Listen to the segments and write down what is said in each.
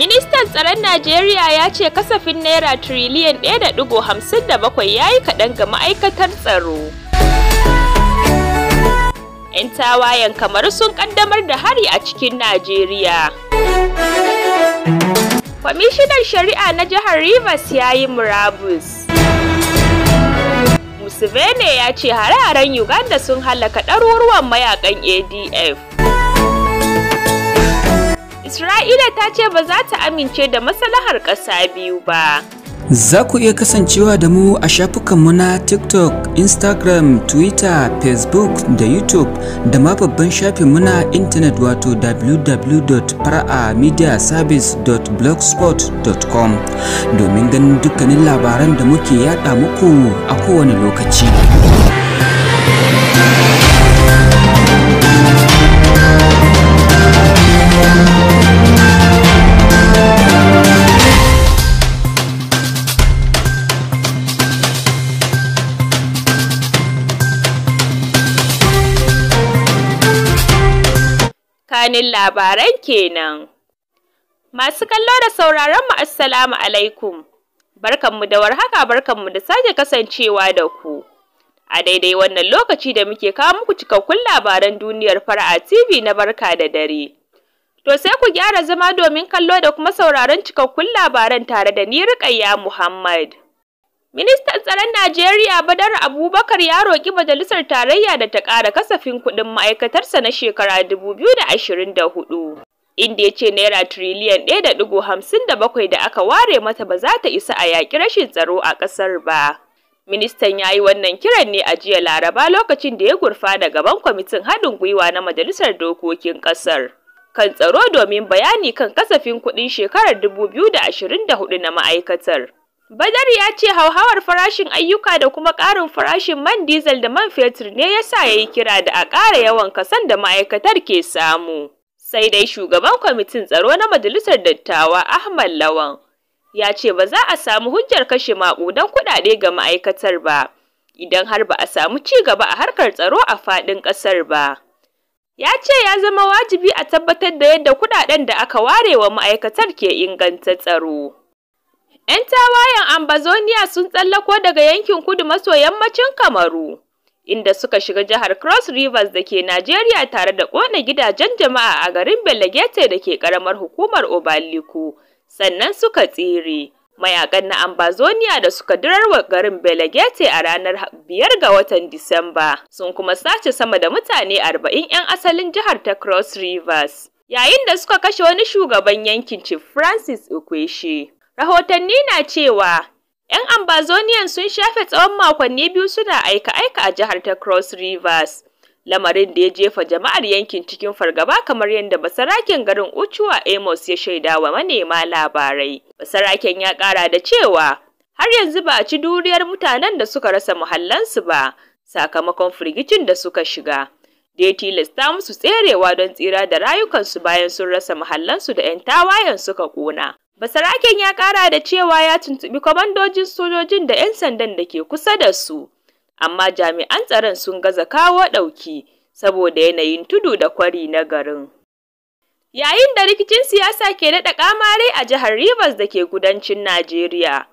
Ministan tsaron Najeriya ya ce kasafin Naira tiriliyan 1.57 ya yi kaɗan ga ma'aikatar tsaro. 'Yan tawayen kamar sun ƙaddamar da hari a cikin Najeriya. Kwamishinan Shari'a na jihar Rivers ya yi murabus. Museveni ya ce hare-haren Uganda sun halaka ɗaruruwan mayakan ADF. Isra'ila ta ce ba za ta amince da masalahar ƙasa biyu ba. Za ku iya kasancewa da mu a shafukanmu na TikTok, Instagram, Twitter, Facebook da YouTube da ma babban shafin muna intanet wato www.paramediaservice.blogspot.com domin ganin dukkanin labaran da muke yada muku a kowane lokaci. Kanin labaran kenan. Masu kallo da sauraron mu assalamu alaikum. barkan mu da warhaka barkan mu da sake kasancewa da ku. A daidai wannan lokaci da muke kawo muku cikakkun labaran duniyar fara'a TV na barka da dare. To sai ku gyara zama domin kallo da kuma sauraron cikakkun labaran tare da ni Rukayya Muhammad. Ministan tsaron Najeriya Badar Abubakar ya roƙi majalisar tarayya da ta ƙara kasafin kuɗin ma'aikatarsa na shekara 2024. Inda ya ce naira tiriliyan 1.57 da aka ware mata ba za ta isa a yaƙi rashin tsaro a ƙasar ba. Ministan ya yi wannan kiran ne a jiya Laraba lokacin da ya gurfa da gaban kwamitin haɗin gwiwa na Majalisar Dokokin ƙasar. Kan tsaro domin bayani kan kasafin kuɗin shekarar 2024 na ma'aikatar. Badar ya ce hauhawar farashin ayyuka da kuma ƙarin farashin man diesel da man fetur ne ya sa ya yi kira da a ƙara yawan kasan da ma'aikatar ke samu. Sai dai shugaban kwamitin tsaro na majalisar dattawa Ahmad Lawan ya ce ba za a samu hujjar kashe maƙudan kuɗaɗe ga ma'aikatar ba idan har ba a samu ci gaba a harkar tsaro a faɗin ƙasar ba. Ya ce ya zama wajibi a tabbatar da yadda kuɗaɗen da aka ware wa ma'aikatar ke inganta tsaro. ‘Yan tawayen Ambazonia sun tsallako daga yankin kudu maso yammacin Kamaru, inda suka shiga jihar Cross Rivers da ke Najeriya tare da ƙona gidajen jama'a a garin Belagete da ke ƙaramar hukumar Obaliku, sannan suka tsere. Mayakan na Ambazonia da suka wa garin Belagete a ranar biyar ga watan Disamba sun kuma sace sama da mutane arba'in 'yan asalin jihar ta Cross Rivers, yayin da suka kashe wani shugaban yankin Chief Francis Okweshe. Rahotanni na cewa ‘yan Ambazonian sun shafe tsawon makonni biyu suna aika-aika a jihar ta Cross Rivers, lamarin da ya jefa jama'ar yankin cikin fargaba kamar yadda basarakin garin Uchuwa Amos ya shaida wa manema labarai. Basaraken ya ƙara da cewa har yanzu ba a ci duriyar mutanen da suka rasa muhallansu ba sakamakon firgicin da suka shiga. da ya tilasta musu tserewa don tsira da rayukansu bayan sun rasa muhallansu da 'yan tawayen suka ƙona. Basaraken ya ƙara da cewa ya tuntuɓi kwamandojin sojojin da 'yan sandan da ke kusa da su, amma jami'an tsaron sun gaza kawo ɗauki saboda yanayin tudu da kwari na garin. Yayin da rikicin siyasa ke daɗa ƙamare a jihar Rivers da ke kudancin Najeriya,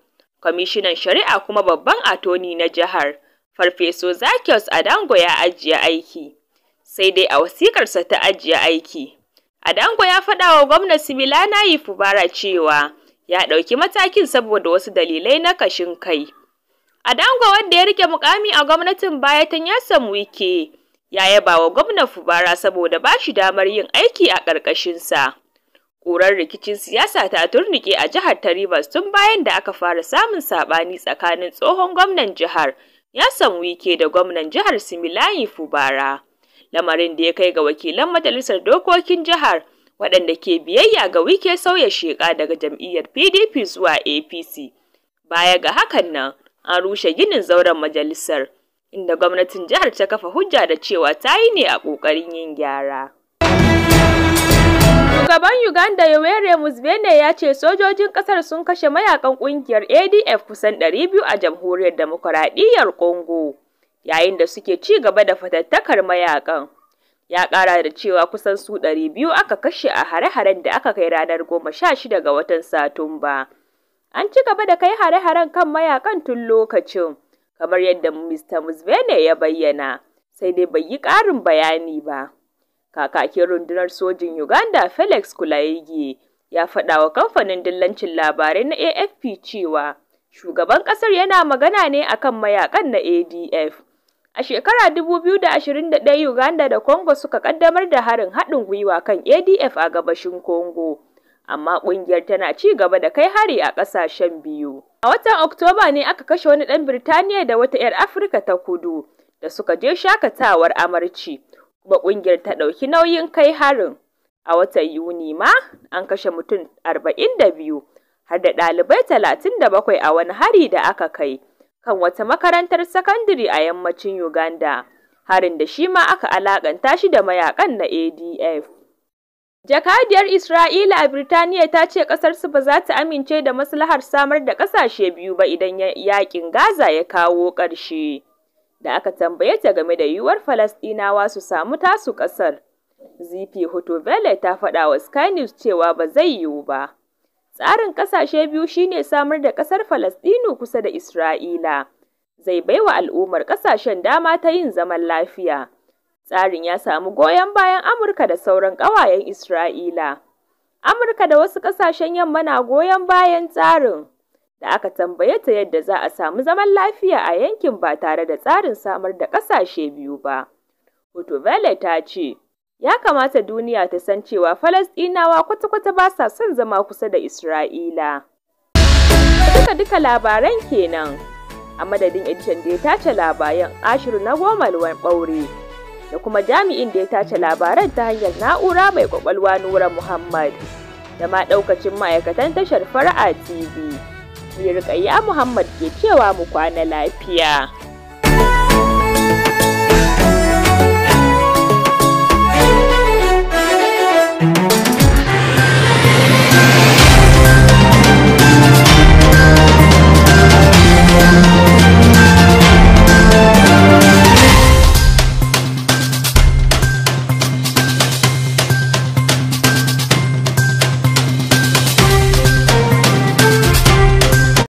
kwamishinan shari'a kuma babban atoni na jihar, Farfeso Zakius Adango ya ajiye aiki, sai dai a wasiƙarsa ta ajiye aiki. Adango ya faɗa wa gwamna Nayi Fubara cewa ya ɗauki matakin saboda wasu dalilai na kashin kai. Adango wanda ya rike mukami a gwamnatin baya ta Nyasan Wike ya yaba wa gwamna Fubara saboda ba shi damar yin aiki a ƙarƙashinsa. Ƙurar rikicin siyasa ta turnike a jihar ta tun bayan da aka fara samun saɓani tsakanin tsohon gwamnan jihar Nyasan Wike da gwamnan jihar Similayi Fubara. lamarin da ya kai ga wakilan majalisar dokokin jihar waɗanda ke biyayya ga wike sauya sheƙa daga jam'iyyar PDP zuwa APC. Baya ga hakan nan, an rushe ginin zauren majalisar, inda gwamnatin jihar ta kafa hujja da cewa ta yi ne a ƙoƙarin yin gyara. Shugaban Uganda Yoweri musbene ya ce sojojin ƙasar sun kashe mayakan ƙungiyar ADF kusan 200 a jamhuriyar demokuraɗiyyar Congo. yayin da suke ci gaba da fatattakar mayakan. Ya ƙara da cewa kusan su ɗari biyu aka kashe a hare-haren da aka kai ranar goma sha shida ga watan Satumba. An ci gaba da kai hare-haren kan mayakan tun lokacin, kamar yadda Mr. musvene ya bayyana, sai dai bai yi ƙarin bayani ba. Kakakin rundunar sojin Uganda Felix Kulayigi ya faɗa wa kamfanin dillancin labarai na AFP cewa shugaban ƙasar yana magana ne akan mayakan na ADF. A shekara 2021 Uganda da Congo suka ƙaddamar da harin haɗin gwiwa kan ADF a gabashin Congo. amma ƙungiyar tana ci gaba da kai hari a ƙasashen biyu. A watan Oktoba ne aka kashe wani ɗan Birtaniya da wata 'yar Afirka ta kudu da suka je shakatawar amarci, kuma ƙungiyar ta ɗauki nauyin kai harin. A watan Yuni ma an kashe mutum 42 har da ɗalibai 37 a wani hari da aka kai. kan wata makarantar sakandare a yammacin Uganda, harin da shi ma aka alakanta shi da mayakan na ADF. Jakadiyar Isra'ila a Birtaniya ta ce ƙasarsu ba za ta amince da maslahar samar da ƙasashe biyu ba idan yakin Gaza ya kawo ƙarshe. Da aka tambaye ta game da yiwuwar Falasɗinawa su samu tasu ƙasar. Zifi Hutu ta faɗa wa Sky News cewa ba zai yiwu ba. Tsarin ƙasashe biyu shine samar da ƙasar Falasɗinu kusa da Isra'ila. Zai baiwa al'ummar ƙasashen dama ta yin zaman lafiya. Tsarin ya samu goyon bayan Amurka da sauran ƙawayen Isra'ila. Amurka da wasu ƙasashen yamma na goyon bayan tsarin. Da aka tambaye ta yadda za a samu zaman lafiya a yankin ba tare da tsarin samar da ƙasashe biyu ba. Hutubele ta ce, Ya kamata duniya ta san cewa Falasɗinawa kwata-kwata ba sa son zama kusa da Isra'ila. Duka-duka labaran kenan. A madadin editan da ya tace labaran ashiru na goma ruwan ɓaure. Da kuma jami'in da ya tace labaran ta hanyar na'ura mai ƙwaƙwalwa Nura Muhammad. Da ma ɗaukacin ma'aikatan tashar Fara'a TV. Ni Rukayya Muhammad ke cewa mu kwana lafiya.